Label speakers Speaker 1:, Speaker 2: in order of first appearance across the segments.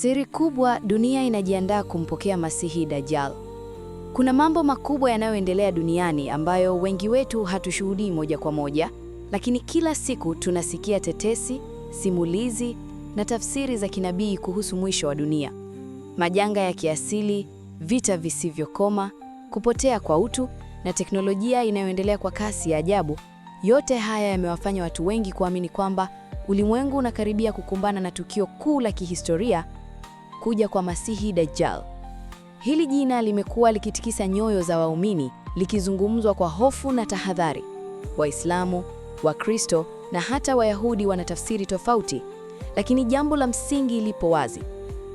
Speaker 1: Siri kubwa: dunia inajiandaa kumpokea Masihi Dajjal. Kuna mambo makubwa yanayoendelea duniani ambayo wengi wetu hatushuhudii moja kwa moja, lakini kila siku tunasikia tetesi, simulizi na tafsiri za kinabii kuhusu mwisho wa dunia. Majanga ya kiasili, vita visivyokoma, kupotea kwa utu na teknolojia inayoendelea kwa kasi ya ajabu. Yote haya yamewafanya watu wengi kuamini kwamba ulimwengu unakaribia kukumbana na tukio kuu la kihistoria kuja kwa Masihi Dajjal. Hili jina limekuwa likitikisa nyoyo za waumini likizungumzwa kwa hofu na tahadhari. Waislamu, Wakristo na hata Wayahudi wana tafsiri tofauti, lakini jambo la msingi lipo wazi: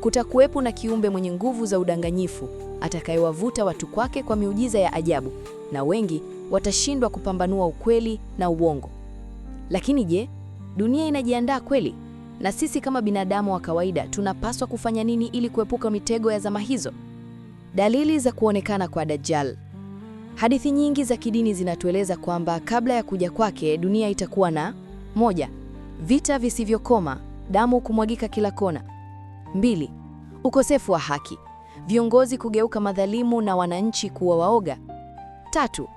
Speaker 1: kutakuwepo na kiumbe mwenye nguvu za udanganyifu atakayewavuta watu kwake kwa miujiza ya ajabu, na wengi watashindwa kupambanua ukweli na uongo. Lakini je, dunia inajiandaa kweli? Na sisi kama binadamu wa kawaida tunapaswa kufanya nini ili kuepuka mitego ya zama hizo? Dalili za kuonekana kwa Dajjal. Hadithi nyingi za kidini zinatueleza kwamba kabla ya kuja kwake dunia itakuwa na moja, vita visivyokoma, damu kumwagika kila kona. Mbili, ukosefu wa haki, viongozi kugeuka madhalimu na wananchi kuwa waoga. Tatu,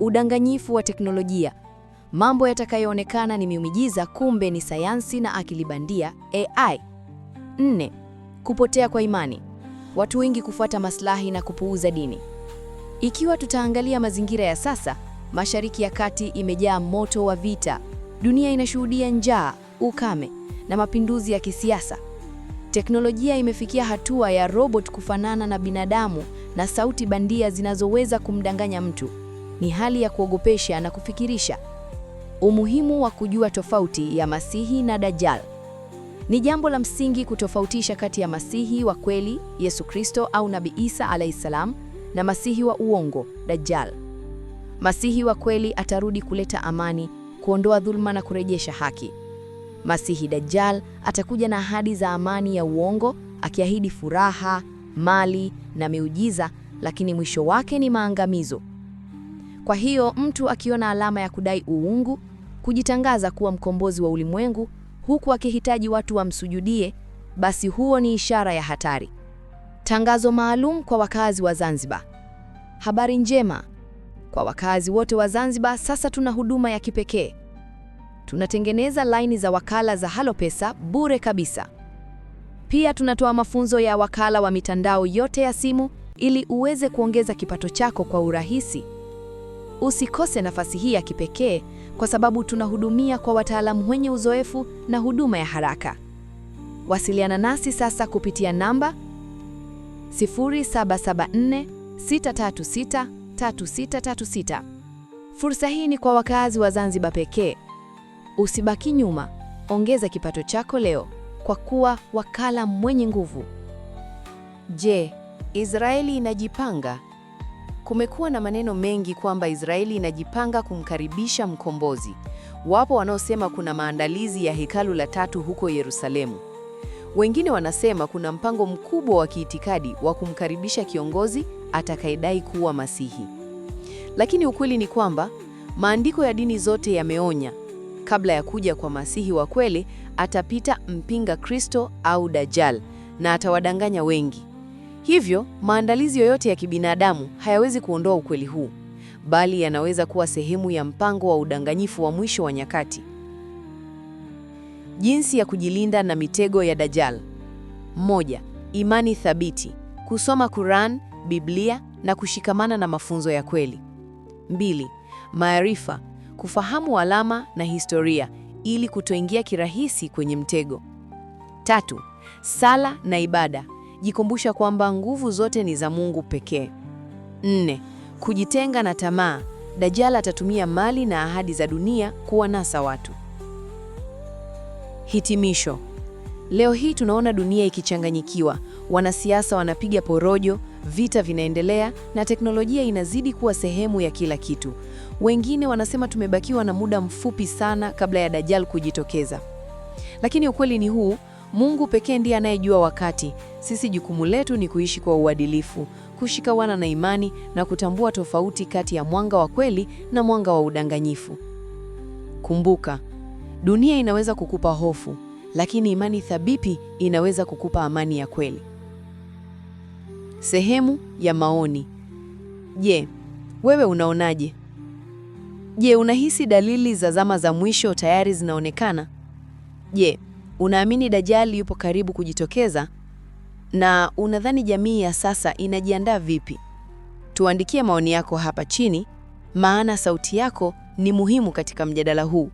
Speaker 1: udanganyifu wa teknolojia Mambo yatakayoonekana ni miujiza, kumbe ni sayansi na akili bandia AI. Nne, kupotea kwa imani, watu wengi kufuata maslahi na kupuuza dini. Ikiwa tutaangalia mazingira ya sasa, Mashariki ya Kati imejaa moto wa vita, dunia inashuhudia njaa, ukame na mapinduzi ya kisiasa. Teknolojia imefikia hatua ya robot kufanana na binadamu na sauti bandia zinazoweza kumdanganya mtu. Ni hali ya kuogopesha na kufikirisha. Umuhimu wa kujua tofauti ya Masihi na Dajjal. Ni jambo la msingi kutofautisha kati ya Masihi wa kweli, Yesu Kristo au Nabii Isa alayhisalam, na Masihi wa uongo, Dajjal. Masihi wa kweli atarudi kuleta amani, kuondoa dhuluma na kurejesha haki. Masihi Dajjal atakuja na ahadi za amani ya uongo, akiahidi furaha, mali na miujiza, lakini mwisho wake ni maangamizo. Kwa hiyo mtu akiona alama ya kudai uungu kujitangaza kuwa mkombozi wa ulimwengu huku akihitaji watu wamsujudie, basi huo ni ishara ya hatari. Tangazo maalum kwa wakazi wa Zanzibar. Habari njema kwa wakazi wote wa Zanzibar, sasa tuna huduma ya kipekee. Tunatengeneza laini za wakala za halo pesa bure kabisa. Pia tunatoa mafunzo ya wakala wa mitandao yote ya simu ili uweze kuongeza kipato chako kwa urahisi. Usikose nafasi hii ya kipekee kwa sababu tunahudumia kwa wataalamu wenye uzoefu na huduma ya haraka. Wasiliana nasi sasa kupitia namba 0774 636 3636. Fursa hii ni kwa wakazi wa Zanzibar pekee. Usibaki nyuma, ongeza kipato chako leo kwa kuwa wakala mwenye nguvu. Je, Israeli inajipanga Kumekuwa na maneno mengi kwamba Israeli inajipanga kumkaribisha mkombozi. Wapo wanaosema kuna maandalizi ya hekalu la tatu huko Yerusalemu. Wengine wanasema kuna mpango mkubwa wa kiitikadi wa kumkaribisha kiongozi atakayedai kuwa Masihi. Lakini ukweli ni kwamba maandiko ya dini zote yameonya, kabla ya kuja kwa Masihi wa kweli atapita mpinga Kristo au Dajjal na atawadanganya wengi. Hivyo, maandalizi yoyote ya kibinadamu hayawezi kuondoa ukweli huu, bali yanaweza kuwa sehemu ya mpango wa udanganyifu wa mwisho wa nyakati. Jinsi ya kujilinda na mitego ya Dajjal. Moja, imani thabiti, kusoma Quran, Biblia na kushikamana na mafunzo ya kweli. Mbili, maarifa, kufahamu alama na historia ili kutoingia kirahisi kwenye mtego. Tatu, sala na ibada jikumbusha kwamba nguvu zote ni za Mungu pekee. Nne, kujitenga na tamaa. Dajjal atatumia mali na ahadi za dunia kuwanasa watu. Hitimisho. Leo hii tunaona dunia ikichanganyikiwa. Wanasiasa wanapiga porojo, vita vinaendelea na teknolojia inazidi kuwa sehemu ya kila kitu. Wengine wanasema tumebakiwa na muda mfupi sana kabla ya Dajjal kujitokeza. Lakini ukweli ni huu, Mungu pekee ndiye anayejua wakati. Sisi jukumu letu ni kuishi kwa uadilifu, kushikamana na imani na kutambua tofauti kati ya mwanga wa kweli na mwanga wa udanganyifu. Kumbuka, dunia inaweza kukupa hofu, lakini imani thabiti inaweza kukupa amani ya kweli. Sehemu ya maoni. Je, wewe unaonaje? Je, unahisi dalili za zama za mwisho tayari zinaonekana? Je, Unaamini Dajali yupo karibu kujitokeza? Na unadhani jamii ya sasa inajiandaa vipi? Tuandikie maoni yako hapa chini, maana sauti yako ni muhimu katika mjadala huu.